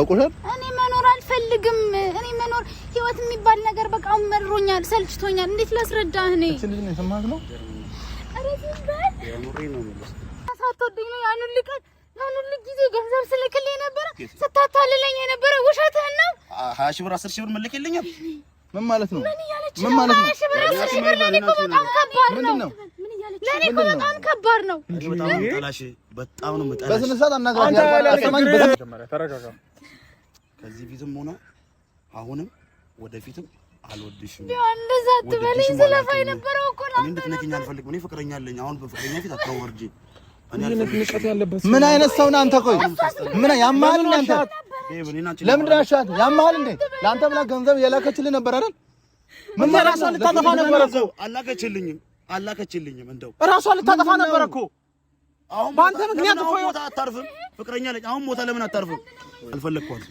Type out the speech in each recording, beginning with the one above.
አውቆሻል። እኔ መኖር አልፈልግም። እኔ መኖር ህይወት የሚባል ነገር በቃ መሮኛል፣ ሰልችቶኛል። እንዴት ላስረዳ? እኔ ሰማህ ነው ሳትወደኝ ነው ያንን ልቀን ያንን ጊዜ ገንዘብ ስልክልኝ ነበረ ስታታልለኝ የነበረ ውሸትህን ነው። ሀያ ሺህ ብር አስር ሺህ ብር ምልክ የለኝም ምን ማለት ነው? ምን ማለት ነው? በጣም ከባድ ነው። ለኔ እኮ በጣም ከባድ ነው። በጣም ነው። በስነ ስርዓት አናግራት። ከዚህ ፊትም ሆነ አሁንም ወደፊትም አልወድሽም። እንደዛ ትበለኝ ስለፋ ነበረው እኮ ነው። እንድትነኪኝ አልፈልግም። እኔ ፍቅረኛ አለኝ። አሁን በፍቅረኛ ፊት አታወርጂ። ምን አይነት ሰው ነህ አንተ? ቆይ ምን ያማል አንተ? ለምንድን አሻት ያማል እንዴ? ለአንተ ብላ ገንዘብ የላከችልህ ነበር አይደል? ምን ራሷን ልታጠፋ ነበር እኮ። አላከችልኝም፣ አላከችልኝም። እንደው ራሷን ልታጠፋ ነበር እኮ። አሁን በአንተ ምክንያት እኮ አታርፍም። ፍቅረኛ ለኝ አሁን ሞታ ለምን አታርፍም? አልፈለግኳትም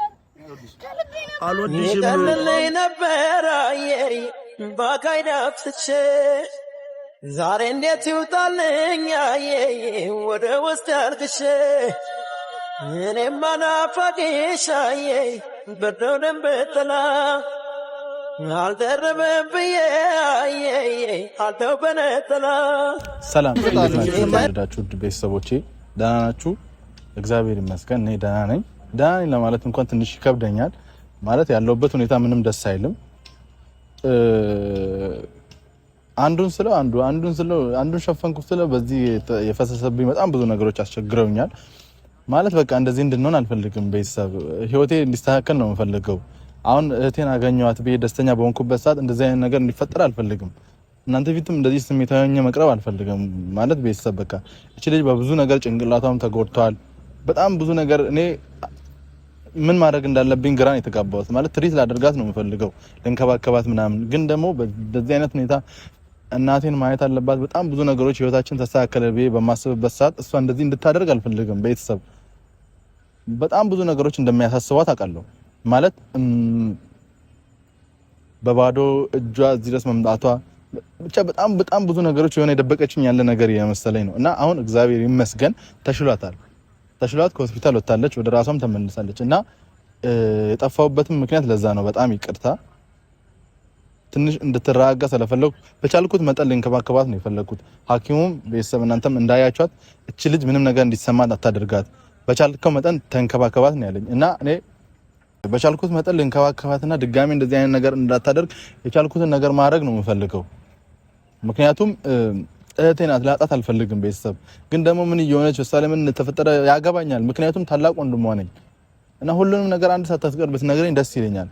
አልወድሽም ቀልለይ ነበረ ባካይዳፍትቼ ዛሬ እንዴት ይውጣልኝ ወደ ውስጥ ያልቅሼ እኔማ ናፋቅሻዬ በደው ደንብ ጥላ አልደረበም ብዬ አልተው በነጥላ። ሰላም ወዳችሁ ውድ ቤተሰቦቼ ደህና ናችሁ? እግዚአብሔር ይመስገን እኔ ደህና ነኝ። ደህና ነኝ ለማለት እንኳን ትንሽ ይከብደኛል። ማለት ያለውበት ሁኔታ ምንም ደስ አይልም። አንዱን ስለው አንዱ አንዱን ስለው አንዱን ሸፈንኩ ስለው በዚህ የፈሰሰብኝ በጣም ብዙ ነገሮች አስቸግረውኛል። ማለት በቃ እንደዚህ እንድንሆን አልፈልግም። ቤተሰብ ህይወቴ እንዲስተካከል ነው የምፈልገው። አሁን እህቴን አገኘኋት ብዬ ደስተኛ በሆንኩበት ሰዓት እንደዚህ አይነት ነገር እንዲፈጠር አልፈልግም። እናንተ ፊትም እንደዚህ ስሜታዊ መቅረብ አልፈልግም። ማለት ቤተሰብ በቃ እች ልጅ በብዙ ነገር ጭንቅላቷም ተጎድቷል። በጣም ብዙ ነገር እኔ ምን ማድረግ እንዳለብኝ ግራን የተጋባሁት ማለት ትሪት ላደርጋት ነው የምፈልገው ልንከባከባት ምናምን፣ ግን ደግሞ በዚህ አይነት ሁኔታ እናቴን ማየት አለባት። በጣም ብዙ ነገሮች ህይወታችን ተስተካከለ ብዬ በማስብበት ሰዓት እሷ እንደዚህ እንድታደርግ አልፈልግም። ቤተሰብ በጣም ብዙ ነገሮች እንደሚያሳስቧት አውቃለሁ። ማለት በባዶ እጇ እዚህ ድረስ መምጣቷ ብቻ በጣም በጣም ብዙ ነገሮች የሆነ የደበቀችኝ ያለ ነገር የመሰለኝ ነው እና አሁን እግዚአብሔር ይመስገን ተሽሏታል። ተሽሏት ከሆስፒታል ወጥታለች፣ ወደ ራሷም ተመልሳለች እና የጠፋሁበትም ምክንያት ለዛ ነው። በጣም ይቅርታ። ትንሽ እንድትረጋጋ ስለፈለኩ በቻልኩት መጠን ልንከባከባት ነው የፈለኩት። ሐኪሙም ቤተሰብ እናንተም እንዳያቸት እች ልጅ ምንም ነገር እንዲሰማት አታደርጋት፣ በቻልከው መጠን ተንከባከባት ነው ያለኝ እና እኔ በቻልኩት መጠን ልንከባከባትና ድጋሚ እንደዚህ አይነት ነገር እንዳታደርግ የቻልኩትን ነገር ማድረግ ነው የምፈልገው ምክንያቱም እህቴ ናት። ላጣት አልፈልግም። ቤተሰብ ግን ደግሞ ምን እየሆነች እሷ ምን ተፈጠረ ያገባኛል። ምክንያቱም ታላቅ ወንድሟ ነኝ እና ሁሉንም ነገር አንድ ሳታስቀር ብትነግረኝ ደስ ይለኛል።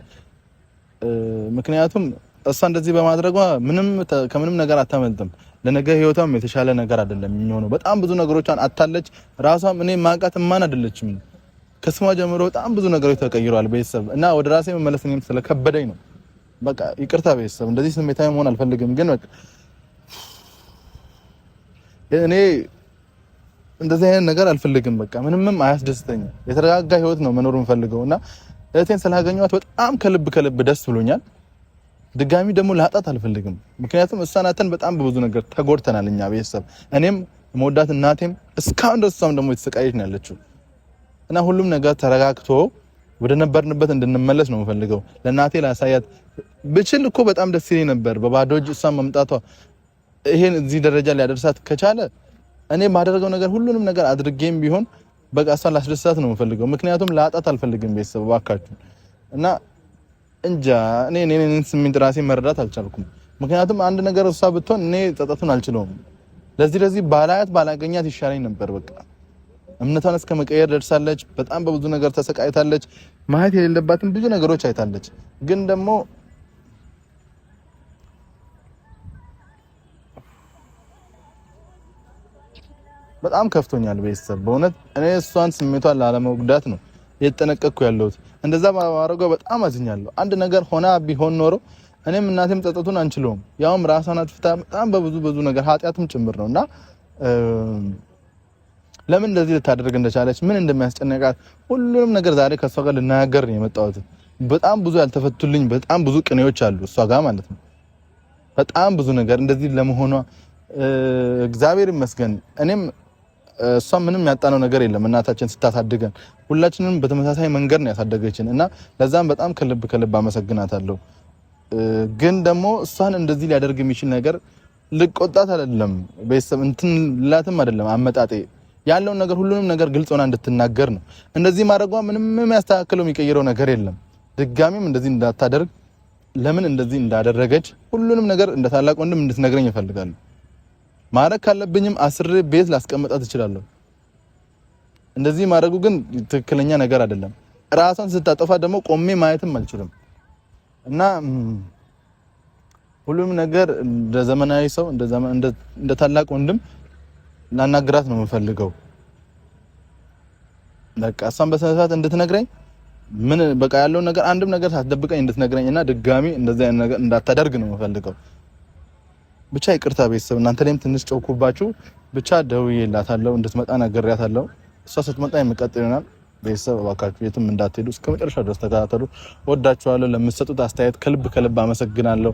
ምክንያቱም እሷ እንደዚህ በማድረጓ ምንም ከምንም ነገር አታመልጥም። ለነገ ህይወቷም የተሻለ ነገር አይደለም የሚሆነው። በጣም ብዙ ነገሮቿን አታለች። ራሷም እኔ ማቃት ማን አይደለችም። ከስሟ ጀምሮ በጣም ብዙ ነገሮች ተቀይረዋል። ቤተሰብ እና ወደ ራሴ መመለስ ስለከበደኝ ነው። በቃ ይቅርታ ቤተሰብ፣ እንደዚህ ስሜታዊ መሆን አልፈልግም ግን እኔ እንደዚህ አይነት ነገር አልፈልግም። በቃ ምንምም አያስደስተኝም። የተረጋጋ ህይወት ነው መኖር የምፈልገው እና እህቴን ስላገኘኋት በጣም ከልብ ከልብ ደስ ብሎኛል። ድጋሚ ደግሞ ላጣት አልፈልግም። ምክንያቱም ናተን በጣም በብዙ ነገር ተጎድተናል እኛ ቤተሰብ፣ እኔም መወዳት እናቴም እስካሁን ድረስ እሷም ደግሞ የተሰቃየች ነው ያለችው እና ሁሉም ነገር ተረጋግቶ ወደ ነበርንበት እንድንመለስ ነው የምፈልገው። ለእናቴ ላሳያት ብችል እኮ በጣም ደስ ይለኝ ነበር። በባዶ እጅ እሷን መምጣቷ ይሄን እዚህ ደረጃ ሊያደርሳት ከቻለ እኔ ማደርገው ነገር ሁሉንም ነገር አድርጌም ቢሆን በቃ እሷን ላስደስታት ነው የምፈልገው። ምክንያቱም ላጣት አልፈልግም። ቤተሰብ እባካችሁ እና እንጃ እኔ እኔን ስሜት ራሴ መረዳት አልቻልኩም። ምክንያቱም አንድ ነገር እሷ ብትሆን እኔ ጠጠቱን አልችለውም። ለዚህ ለዚህ ባላያት ባላገኛት ይሻለኝ ነበር። በቃ እምነቷን እስከ መቀየር ደርሳለች። በጣም በብዙ ነገር ተሰቃይታለች። ማየት የሌለባትን ብዙ ነገሮች አይታለች። ግን ደግሞ በጣም ከፍቶኛል ቤተሰብ በእውነት እኔ እሷን ስሜቷን ላለመጉዳት ነው የተጠነቀቅኩ ያለሁት። እንደዛ ማድረጓ በጣም አዝኛለሁ። አንድ ነገር ሆና ቢሆን ኖሮ እኔም እናቴም ጸጸቱን አንችለውም። ያውም ራሷን አጥፍታ በጣም በብዙ ብዙ ነገር ኃጢአትም ጭምር ነው እና ለምን እንደዚህ ልታደርግ እንደቻለች ምን እንደሚያስጨነቃት ሁሉንም ነገር ዛሬ ከእሷ ጋር ልናገር ነው የመጣሁት። በጣም ብዙ ያልተፈቱልኝ በጣም ብዙ ቅኔዎች አሉ እሷ ጋር ማለት ነው። በጣም ብዙ ነገር እንደዚህ ለመሆኗ እግዚአብሔር ይመስገን እኔም እሷ ምንም ያጣነው ነገር የለም። እናታችን ስታሳድገን ሁላችንም በተመሳሳይ መንገድ ነው ያሳደገችን እና ለዛም በጣም ከልብ ከልብ አመሰግናታለሁ። ግን ደግሞ እሷን እንደዚህ ሊያደርግ የሚችል ነገር ልቆጣት አይደለም ቤተሰብ እንትን ላትም አይደለም አመጣጤ ያለውን ነገር ሁሉንም ነገር ግልጽ ሆና እንድትናገር ነው። እንደዚህ ማድረጓ ምንም የሚያስተካክለው የሚቀይረው ነገር የለም። ድጋሚም እንደዚህ እንዳታደርግ ለምን እንደዚህ እንዳደረገች ሁሉንም ነገር እንደ ታላቅ ወንድም እንድትነግረኝ እፈልጋለሁ። ማድረግ ካለብኝም አስሬ ቤት ላስቀምጣት እችላለሁ። እንደዚህ ማድረጉ ግን ትክክለኛ ነገር አይደለም። ራሷን ስታጠፋ ደግሞ ቆሜ ማየትም አልችልም እና ሁሉም ነገር እንደ ዘመናዊ ሰው እንደ ታላቅ ወንድም ላናግራት ነው የምፈልገው። በቃ እሷን በስነ ስርዓት እንድትነግረኝ ምን በቃ ያለውን ነገር አንድም ነገር ሳትደብቀኝ እንድትነግረኝ እና ድጋሚ እንደዚህ እንዳታደርግ ነው የምፈልገው። ብቻ ይቅርታ ቤተሰብ፣ እናንተ ላይም ትንሽ ጨውኩባችሁ። ብቻ ደውዬላታለሁ እንድትመጣ ነግሬያታለሁ። እሷ ስትመጣ የምቀጥል ይሆናል። ቤተሰብ እባካችሁ የትም እንዳትሄዱ፣ እስከ መጨረሻ ድረስ ተከታተሉ። ወዳችኋለሁ። ለምትሰጡት አስተያየት ከልብ ከልብ አመሰግናለሁ።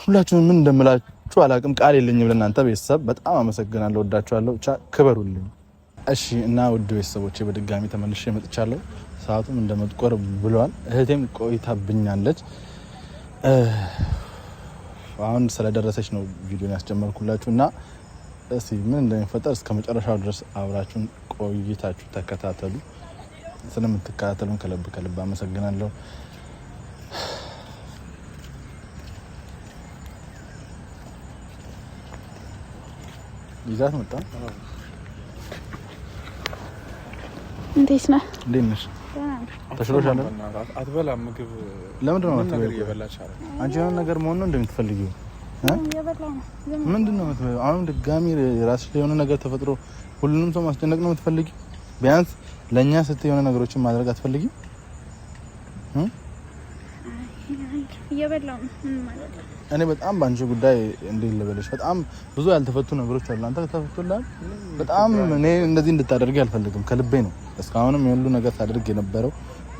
ሁላችሁም ምን እንደምላችሁ አላቅም፣ ቃል የለኝም ለእናንተ ቤተሰብ። በጣም አመሰግናለሁ፣ ወዳችኋለሁ። ብቻ ክበሩልኝ እሺ። እና ውድ ቤተሰቦቼ በድጋሚ ተመልሼ መጥቻለሁ። ሰዓቱም እንደመጥቆር ብሏል። እህቴም ቆይታብኛለች። አሁን ስለደረሰች ነው ቪዲዮን ያስጀመርኩላችሁ እና እስቲ ምን እንደሚፈጠር እስከ መጨረሻው ድረስ አብራችሁን ቆይታችሁ ተከታተሉ። ስለምትከታተሉን ከልብ ከልብ አመሰግናለሁ። ይዛት መጣ። እንዴት ነህ? እንዴት ነሽ? ተሽሎሻል። አትበላም ምግብ። ለምንድን ነው አንቺ የሆነ ነገር መሆን ነው እንደምትፈልጊው? ምንድን ነው አሁን ድጋሚ ራስሽ ላይ የሆነ ነገር ተፈጥሮ ሁሉንም ሰው ማስጨነቅ ነው የምትፈልጊው? ቢያንስ ለእኛ ስትይ የሆነ ነገሮችን ማድረግ አትፈልጊም? እኔ በጣም በአንቺ ጉዳይ እንዴት ልበለሽ፣ በጣም ብዙ ያልተፈቱ ነገሮች አሉ። አንተ ተፈቱላል። በጣም እኔ እንደዚህ እንድታደርግ አልፈልግም፣ ከልቤ ነው። እስካሁንም የሁሉ ነገር ታደርግ የነበረው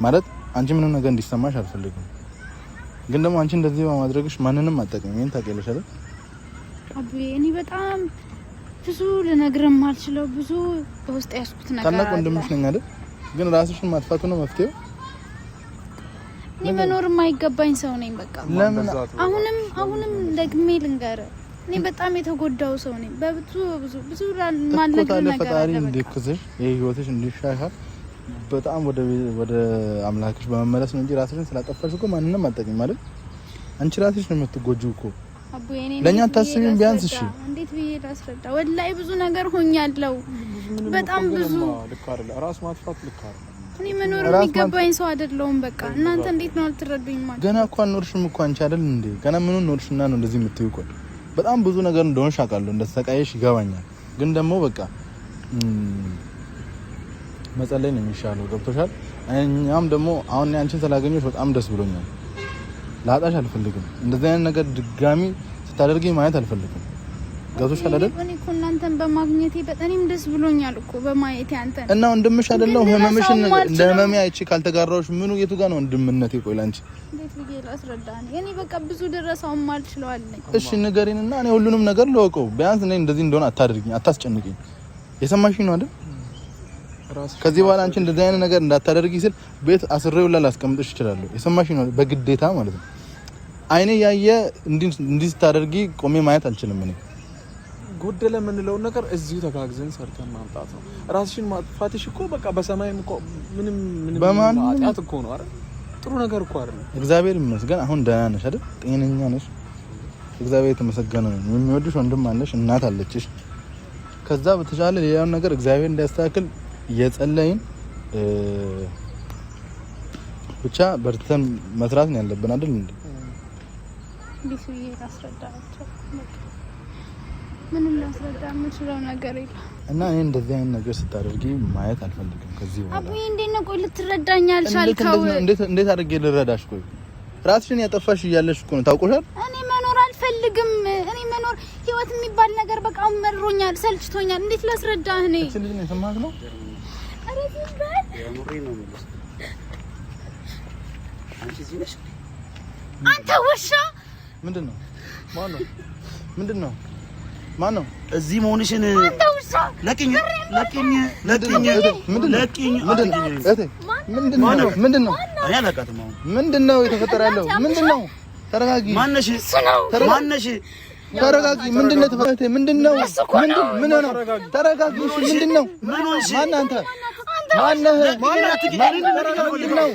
ማለት አንቺ ምንም ነገር እንዲሰማሽ አልፈልግም። ግን ደግሞ አንቺ እንደዚህ በማድረግሽ ማንንም አጠቅም። ይሄን ታውቂያለሽ አይደል? አቡዬ እኔ በጣም ብዙ ልነግርም አልችለው ብዙ በውስጥ ያስኩት ነገር ታላቅ ወንድምሽ ነኝ አይደል? ግን ራስሽን ማጥፋቱ ነው መፍትሄው እኔ መኖር የማይገባኝ ሰው ነኝ። በቃ ለምን አሁንም አሁንም ደግሜ ልንገር፣ እኔ በጣም የተጎዳው ሰው ነኝ። በብዙ ብዙ ብዙ ማልነግር ነገር ፈጣሪ እንዲክስሽ የህይወትሽ እንዲሻሻል በጣም ወደ ወደ አምላክሽ በመመለስ ነው እንጂ ራስሽን ስላጠፋሽ እኮ ማንንም አጠቅም ማለት አንቺ ራስሽ ነው የምትጎጂው እኮ ለእኛ ታስቢም ቢያንስ እሺ፣ እንዴት ብዬ ላስረዳ? ወላሂ ብዙ ነገር ሆኛለሁ። በጣም ብዙ ልክ አይደለ ራስ ማጥፋት ልክ አይደለ እኔ መኖር የሚገባኝ ሰው አይደለሁም። በቃ እናንተ እንዴት ነው አልተረዱኝ? ማለት ገና እኮ አልኖርሽም እኮ አንቺ አይደል እንዴ? ገና ምኑን ኖርሽና ነው እንደዚህ የምትይው? እኮ በጣም ብዙ ነገር እንደሆንሽ አውቃለሁ፣ እንደተሰቃየሽ ይገባኛል። ግን ደግሞ በቃ መጸለይ ነው የሚሻለው። ገብቶሻል? እኛም ደግሞ አሁን አንቺን ስላገኘሁሽ በጣም ደስ ብሎኛል። ላጣሽ አልፈልግም። እንደዚህ አይነት ነገር ድጋሚ ስታደርጊ ማየት አልፈልግም። ገብቶሻል አይደል? አንተን በማግኘቴ በጣም ደስ ብሎኛል እኮ በማየቴ አንተን እና ወንድምሽ አይደለሁ ህመምሽን ለህመሜ አይቼ ካልተጋራሁሽ ምኑ የቱ ጋር ነው ወንድምነቴ? ቆይ ላንቺ እንዴት ብዬ ላስረዳህ? እኔ በቃ ብዙ ደረሰው ማልችለው አለኝ። እሺ እና እኔ ሁሉንም ነገር ለወቀው። ቢያንስ እኔ እንደዚህ እንደሆነ አታድርጊኝ፣ አታስጨንቂኝ። የሰማሽኝ ነው አይደል? ከዚህ በኋላ አንቺ እንደዚህ አይነት ነገር እንዳታደርጊ ስል ቤት አስሬው ላስቀምጥሽ እችላለሁ። የሰማሽኝ ነው በግዴታ ማለት ነው። አይኔ ያየ እንዲህ ስታደርጊ ቆሜ ማየት አልችልም እኔ ጎደለ የምንለውን ነገር እዚሁ ተጋግዘን ሰርተን ማምጣት ነው። ራስሽን ማጥፋትሽ እኮ በቃ በሰማይም እኮ ምንም ምንም ኃጢአት እኮ ነው አይደል? ጥሩ ነገር እኮ አይደል? እግዚአብሔር ይመስገን አሁን ደህና ነሽ አይደል? ጤነኛ ነሽ። እግዚአብሔር የተመሰገነ ነው። የሚወድሽ ወንድም አለሽ፣ እናት አለችሽ። ከዛ በተሻለ ሌላውን ነገር እግዚአብሔር እንዲያስተካክል እየጸለይን ብቻ በርተን መስራት ነው ያለብን አይደል እንዴ? ቢሱዬ አስረዳቸው ምንም ላስረዳ የምችለው ነገር የለም እና እኔ እንደዚህ አይነት ነገር ስታደርጊ ማየት አልፈልግም። ከዚህ በኋላ አቡዬ፣ እንዴት ነው ቆይ ልትረዳኝ አልቻልከው? እንዴት አድርጌ ልረዳሽ? ቆይ ራስሽን ያጠፋሽ እያለሽ እኮ ነው። ታውቆሻል። እኔ መኖር አልፈልግም። እኔ መኖር ህይወት የሚባል ነገር በቃ መሮኛል፣ ሰልችቶኛል። እንዴት ላስረዳህ? እኔ እቺ ነው የሰማህ ነው አንተ ውሻ ምንድን ነው? ማነው? ምንድን ነው ማን ነው እዚህ መሆንሽን ለቅኝ ለቅኝ ለቅኝ ለቅኝ ምንድን ነው እኔ አላውቃትም። አሁን ምንድን ነው የተፈጠረ ያለው ምንድን ነው? ተረጋጊ። ማነሽ ማነሽ? ተረጋጊ። ምንድን ነው ተፈጠረ? ምንድን ነው ምን ሆነ? ተረጋጊ። ምንድን ነው ማን አንተ ማነህ? ማን ነው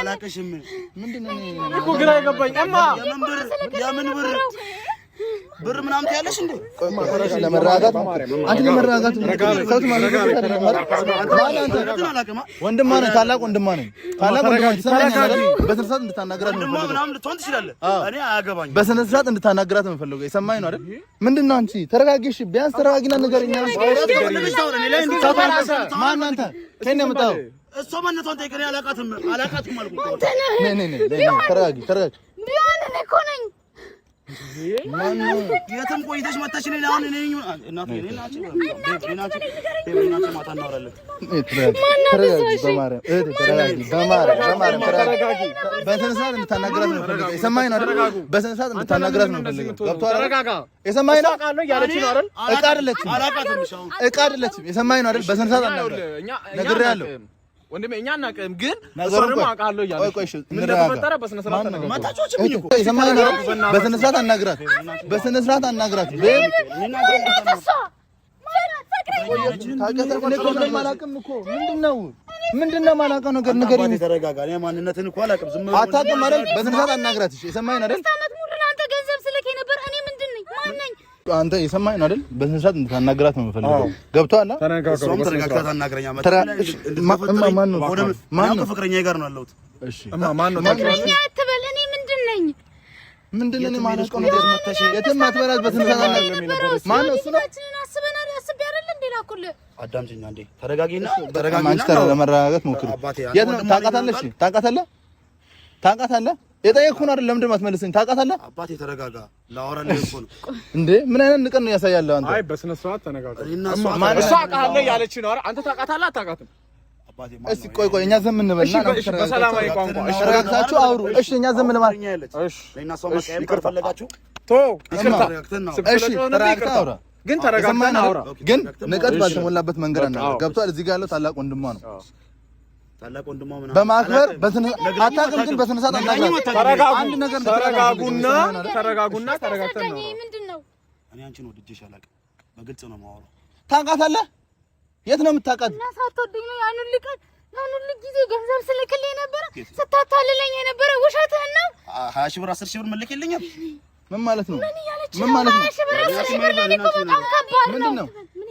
አላቅሽም ምንድን ነው እኮ ግራ የገባኝ እማ የምን ብር ብር ምናምን ትያለሽ እንዴ? ለመረጋጋት አንተ ለመረጋጋት ሰውት ማለት ነው። ወንድማ ነኝ፣ ታላቅ ወንድማ ነኝ። ታላቅ ወንድማ በስነ ስርዓት እንድታናግራት ነው የምፈልገው። በስነ ስርዓት እንድታናግራት ነው የምፈልገው። የሰማኸኝ ነው አይደል? ምንድን ነው አንቺ? ተረጋጊ እሺ። ቢያንስ ተረጋጊና ንገረኝ። ማን አንተ? ነው የመጣኸው እሷ ማነቷን ጠይቀኝ። አላውቃትም አላውቃትም አልኩህ። ተረጋጊ፣ ተረጋጊ። ቢሆን እኔ እኮ ነኝ የትም ቆይተሽ መተሽ እኔን አሁን እኔ እናቴ እኔ ናችሁ እኔ እንድታናግራት ነው የምፈልገው። የሰማኸኝ ነው አይደል? በስነ ስርዓት እንድታናግራት ነው የምፈልገው። ገብቶሃል አይደል? የሰማኸኝ ነው እቃ አይደለችም፣ እቃ አይደለችም። የሰማኸኝ ነው አይደል? በስነ ስርዓት አናግራት ነግሬሃለሁ። ወንድሜ እኛ እናቅም፣ ግን እሷ ደግሞ አውቃለሁ በስነ ስርዓት አናግራት፣ በስነ ስርዓት አናግራት። ምንድን ነው የማላውቀው ነገር ንገሪኝ። ተረጋጋ። እኔ እኮ አላውቅም። ዝም ብሎ አታውቅም አይደል? በስነ ስርዓት አናግራት። እሺ፣ የሰማኸኝ አይደል? ገንዘብ ስልክ የነበረ እኔ ምንድን ነኝ? ማን ነኝ? አንተ ነው አይደል? በስንት ሰዓት እንድታናግራት ነው የምፈልገው። ገብቶሃል? እሷም ተረጋግታ ታናግረኛ። ፍቅረኛ ጋር ነው ያለሁት። ፍቅረኛ አትበል። እኔ ምንድን ነኝ ምንድን ነኝ ማለት ነው? የትም አትበላት። በስንት ሰዓት ማነው እሱ ነው አዳምጪኝ አንዴ ተረጋጊና፣ ተረጋጊና ለመረጋጋት ሞክሩ። ነው ታውቃታለህ? ታውቃታለህ? ታውቃታለህ የጠየኩህን አይደል? ለምንድን ነው የማትመልስኝ? ታውቃታለህ። አባቴ ተረጋጋ። ላወራ ነው እኮ እንዴ። ምን አይነት ንቀን ነው ያሳያለህ አንተ? አይ በስነ ስርዓት ተነጋጋ። እሷ አውቃለሁ ያለች ነው። አንተ ታውቃታለህ አታውቃትም? እስኪ ቆይ ቆይ፣ እኛ ዝም እንበልና በሰላማዊ ቋንቋ እሺ፣ ረጋግታችሁ አውሩ። እሺ፣ እኛ ዝም እንበል። እሺ፣ ይቅርታ ፈለጋችሁ ቶ ይቅርታ። እሺ፣ ተረጋግታ አውራ ግን ተረጋግተን አውራ ግን ንቀት ባልተሞላበት መንገድ አናውራ። ገብቷል። እዚህ ጋር ያለው ታላቅ ወንድሟ ነው በማክበር በስነ አታውቅም፣ ግን በስነ አንድ ነገር ተረጋጉና ተረጋጉና ነው። እኔ በግልጽ ነው ታውቃታለህ? የት ነው የምታውቃት? ነው ያንን ልቀን ጊዜ ገንዘብ ስልክልኝ የነበረ ስታታልለኝ የነበረ ውሸትህን ነው። ሀያ ሺህ ብር አስር ሺህ ብር ምን ምን ማለት ነው? ምን ማለት ነው? ምን ማለት ነው?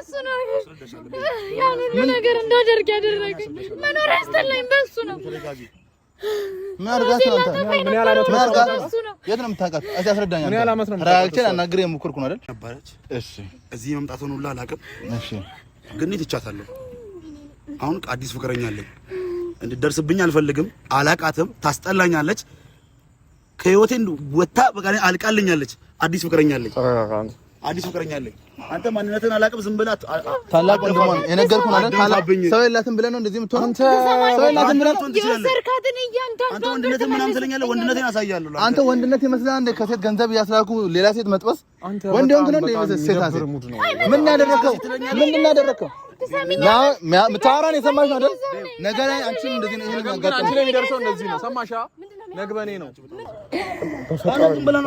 እሱ ነው ያን ሁሉ ነገር እንዳደርግ ያደረገኝ። መኖር ያስጠላኝ በእሱ ነው። ምን አድርጋት ነው ምን ያህል ነው? የት ነው የምታውቃት? እስኪ አስረዳኝ። ምን ያህል ነው? ራቅቼ ላናግርህ የሞከርኩ ነው አይደል? ነበረች። እሺ፣ እዚህ መምጣቷን ሁላ አላውቅም። እሺ፣ ግን ትቻታለሁ። አሁን አዲስ ፍቅረኛ አለኝ። እንድትደርስብኝ አልፈልግም። አላውቃትም። ታስጠላኛለች። ከህይወቴ ወጥታ በቃ አልቃልኛለች። አዲስ ፍቅረኛ አለኝ። አዲስ ፍቅረኛ አለኝ። አንተ ማንነትን አላውቅም። ዝም ብላት ታላቅ ወንድሟ ነው የነገርኩህ ማለት ሰው የላትም ብለህ ነው እንደዚህ የምትሆን። አንተ ሰው የላትም ብለህ አንተ ወንድነትን ምናምን ትለኛለህ። ወንድነትን አሳያለሁ። አንተ ወንድነት ይመስልሃል እንደ ከሴት ገንዘብ እያስላኩ ሌላ ሴት መጥበስ ወንድ ሆንክ ነው እንደ ሴት ሴት ምን ያደረከው? ምን እናደረከው? ምታወራን የሰማሽ ነው። ነገ ላይ አንቺም እንደዚህ ነው። ይሄን ያጋጥም አንቺ ላይ የሚደርሰው እንደዚህ ነው። ሰማሻ? ነግበኔ ነው። ምንም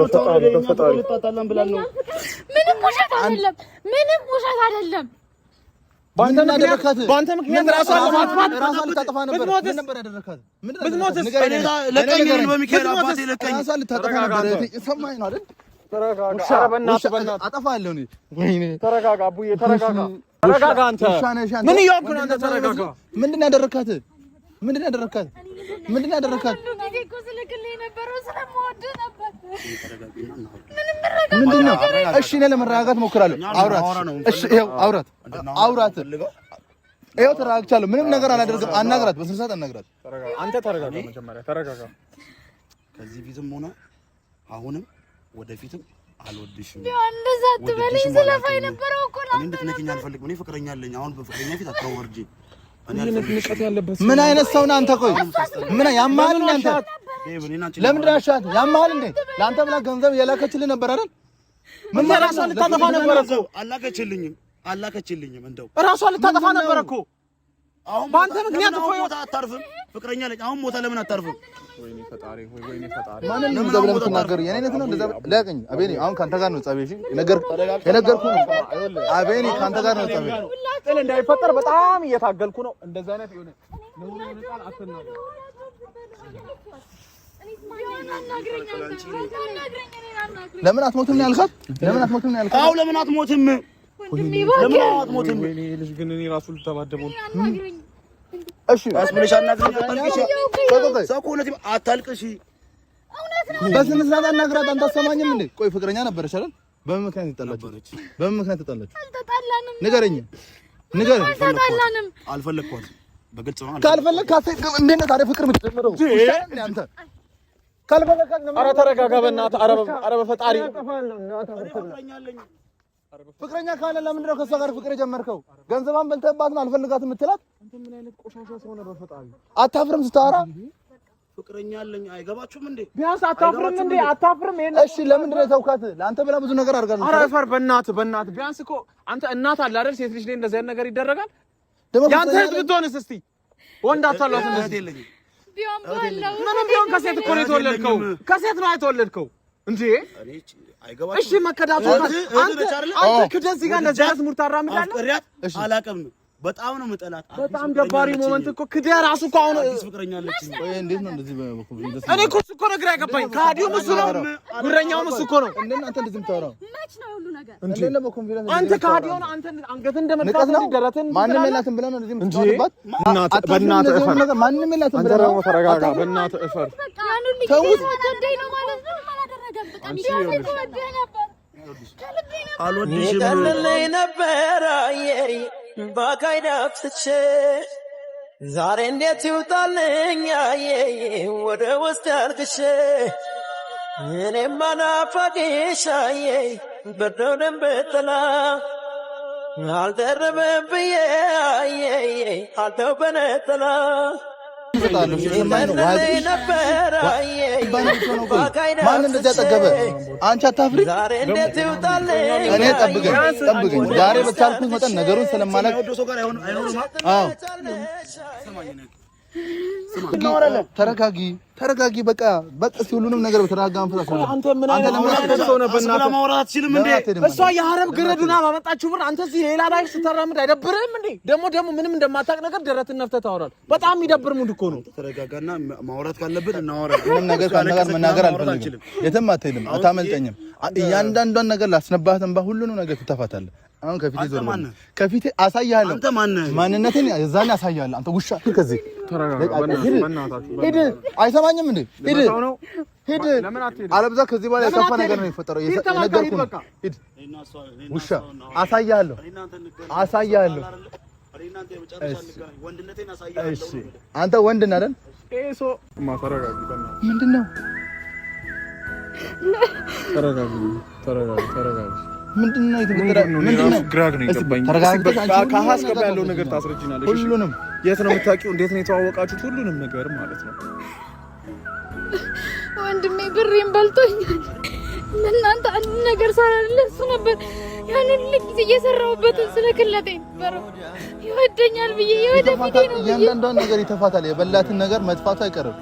ውሸት አይደለም። ምንም ውሸት አይደለም። በአንተ ምክንያት በአንተ ምክንያት ራሷን ለማጥፋት ራሷን ልታጠፋ ነበር። ምን ነበር ያደረካት? ምን ብትሞትስ? ለቀኝ ነው በሚካኤል አባቴ ለቀኝ። ራሷን ልታጠፋ ነበር። ሰማኝ ነው አይደል? ተረጋጋ። አጠፋለሁ እኔ። ወይኔ ተረጋጋ፣ አቡዬ ተረጋጋ። ተረጋጋ። አንተ ምን እያወኩ ነው? አንተ ተረጋጋ። ምንድን ያደረካት? ምንድን ያደረካት? ምንድን ያደረካት? ምንድን ነው? እሺ እኔ ለመረጋጋት እሞክራለሁ። አውራት፣ እሺ ይኸው አውራት፣ አውራት ይኸው ተረጋግቻለሁ። ምንም ነገር አላደርግም። አናግራት፣ በስንት ሰዓት አናግራት። አንተ ተረጋጋ፣ መጀመሪያ ተረጋጋ። ከዚህ ፊትም ሆነ አሁንም ወደፊትም አልወድሽም። እንደዛ አትበለኝ። ስለፋ የነበረው እኮ ነው። እንድትነኪኝ አልፈልግም። እኔ ፍቅረኛ አለኝ። አሁን በፍቅረኛ ፊት አታወርጂ። ምን አይነት ሰው ነህ አንተ? ቆይ ምን ያማል እናንተ? ለምንድን ነው ያማል እንዴ? ለአንተ ብላ ገንዘብ የላከችልህ ነበር አይደል? ምን ራሷን ልታጠፋ ነበር እኮ። አላከችልኝም፣ አላከችልኝም። እንደው ራሷን ልታጠፋ ነበር እኮ። በአንተ ምክንያት እኮ አታርፍም ፍቅረኛ አለኝ። አሁን ሞታ ለምን አታርፉ? ወይኔ ፈጣሪ ወይኔ ፈጣሪ ተናገር የኔ ነት ነው እንደዛ አቤኔ አሁን ካንተ ጋር ነው ነገር የነገርኩ አቤኔ ካንተ ጋር ነው ጥል እንዳይፈጠር በጣም እየታገልኩ ነው። እንደዛ አይነት የሆነ ነው ነው ቃል ለምን አትሞትም ነው ያልካት? ለምን አትሞትም ነው ያልካት? አዎ ለምን አትሞትም? ለምን አትሞትም? ልጅ ግን እኔ ራሱ ልተባደበው እሺ አስብለሽ አናግሪኝ። አታልቅሽ፣ በስነ ስርዓት አናግራት። አንተ እንዴ? ቆይ ፍቅረኛ ነበረች አይደል? በምን ምክንያት ተጣላችሁ? በምን ምክንያት ተጣላችሁ? አልተጣላንም። ንገረኝ፣ ንገረኝ። አልተጣላንም። አልፈለግኳትም። በግልጽ ነው። ካልፈለግካት እንዴት ነው ታዲያ ፍቅር የምትጀምረው? አንተ ካልፈለግካት፣ ኧረ ተረጋጋ በእናትህ። ኧረ በፈጣሪ ፍቅረኛ ካለ ለምንድን ነው ከእሷ ጋር ፍቅር የጀመርከው? ገንዘቧን በልተባት ነው አልፈልጋት የምትላት? አታፍርም ስታወራ ፍቅረኛ አለኝ። አይገባችሁም እንዴ? ቢያንስ አታፍርም እንዴ? አታፍርም? እሺ፣ ለምንድን ነው የተውካት? ለአንተ ብላ ብዙ ነገር አድርጋለች። ኧረ ፈር በእናትህ በእናትህ። ቢያንስ እኮ አንተ እናት አለ አይደል? ሴት ልጅ ላይ እንደዚህ አይነት ነገር ይደረጋል። ያንተ ህዝብ ብትሆንስ? እስቲ ወንድ አታሏት እንደዚህ። ምንም ቢሆን ከሴት እኮ ነው የተወለድከው። ከሴት ነው የተወለድከው። እንዴ እሺ መከዳቱ አንተ አንተ በጣም ነው የምጠላት። በጣም ደባሪ ሞመንት እኮ ክደ ራሱ እኮ አሁን አዲስ ፍቅረኛ እኔ እኮ እሱ እኮ ነው ግራ ያገባኝ። ከሃዲውም እሱ ነው፣ ጉረኛውም እሱ እኮ ነው። አንተ እንደዚህ የምታወራው? መች ነው ሁሉ ነገር እንዴት ነው አንተ ከሃዲውን አንተ ነው ደረትን ማንም የላትም ብለህ ነው እንደዚህ የምትጫወትባት? በእናትህ እፈር፣ ማንም የላትም ብለህ ነው። ተረጋጋ፣ በእናትህ እፈር። ተውት ነው ማለት ነው አልወድሽምላይ ነበር አየሪ ባካይዳፍስቼ ዛሬ እንዴት ይውጣልኝ አየይ ወደ ውስጥ ያልቅሼ እኔ ናፋቂሽ አየይ በርደው ደንብጥላ አልደርብም ብዬ አልተው በነጥላ ማን እንደዚህ አጠገበ? አንቺ አታፍሪ። እኔ ጠብቀኝ ጠብቀኝ። ዛሬ በቻልኩኝ መጠን ነገሩን ስለማለቅ ተረጋጊ ተረጋጊ። በቃ በቃ ሁሉንም ነገር በተረጋጋ መንፈስ አንተ ምን እሷ ግረዱና ባመጣችሁ ብር አንተ እዚህ ሌላ ባይር ስታራምድ አይደብርህም እንዴ? ደግሞ ደግሞ ምንም እንደማታውቅ ነገር ደረትን ነፍተህ ታወራለህ። በጣም የሚደብር ሙድ እኮ ነው። ተረጋጋና ማውራት ካለብን እናወራ። ምንም ነገር ካነጋር መናገር አልፈልግም። የትም አትሄድም፣ አታመልጠኝም። እያንዳንዷን ነገር ሁሉንም ነገር ትተፋታለህ አሁን ከፊቴ ዞር በል። ከፊቴ አሳያለሁ ማንነቴን፣ እዛኔ አሳያለሁ። አንተ ውሻ ከዚህ ሂድ። አይሰማኝም እንዴ? ሂድ ሂድ። አለብዛ ከዚህ በኋላ የከፋ ነገር ነው የሚፈጠረው። የነገርኩህ ነው። ሂድ ውሻ። አሳያለሁ አሳያለሁ። አንተ ወንድ ነህ አይደል? እሱ ምንድን ነው? ተረጋጋ ተረጋጋ ተረጋጋ ምንድን ነው ያለው ነገር ታስረጅናለሽ። ሁሉንም የት ነው የምታውቂው? እንዴት ነው የተዋወቃችሁት? ሁሉንም ነገር ማለት ነው። ወንድሜ ብሬን በልቶኛል። እናንተ አንድ ነገር ሳላለ እሱ ነበር ያንን ጊዜ እየሰራሁበትን ስለ ክለቴ ነበረው ይወደኛል ብዬ የወደፊት ነው እያንዳንዷን ነገር ይተፋታል። የበላትን ነገር መጥፋቱ አይቀርም።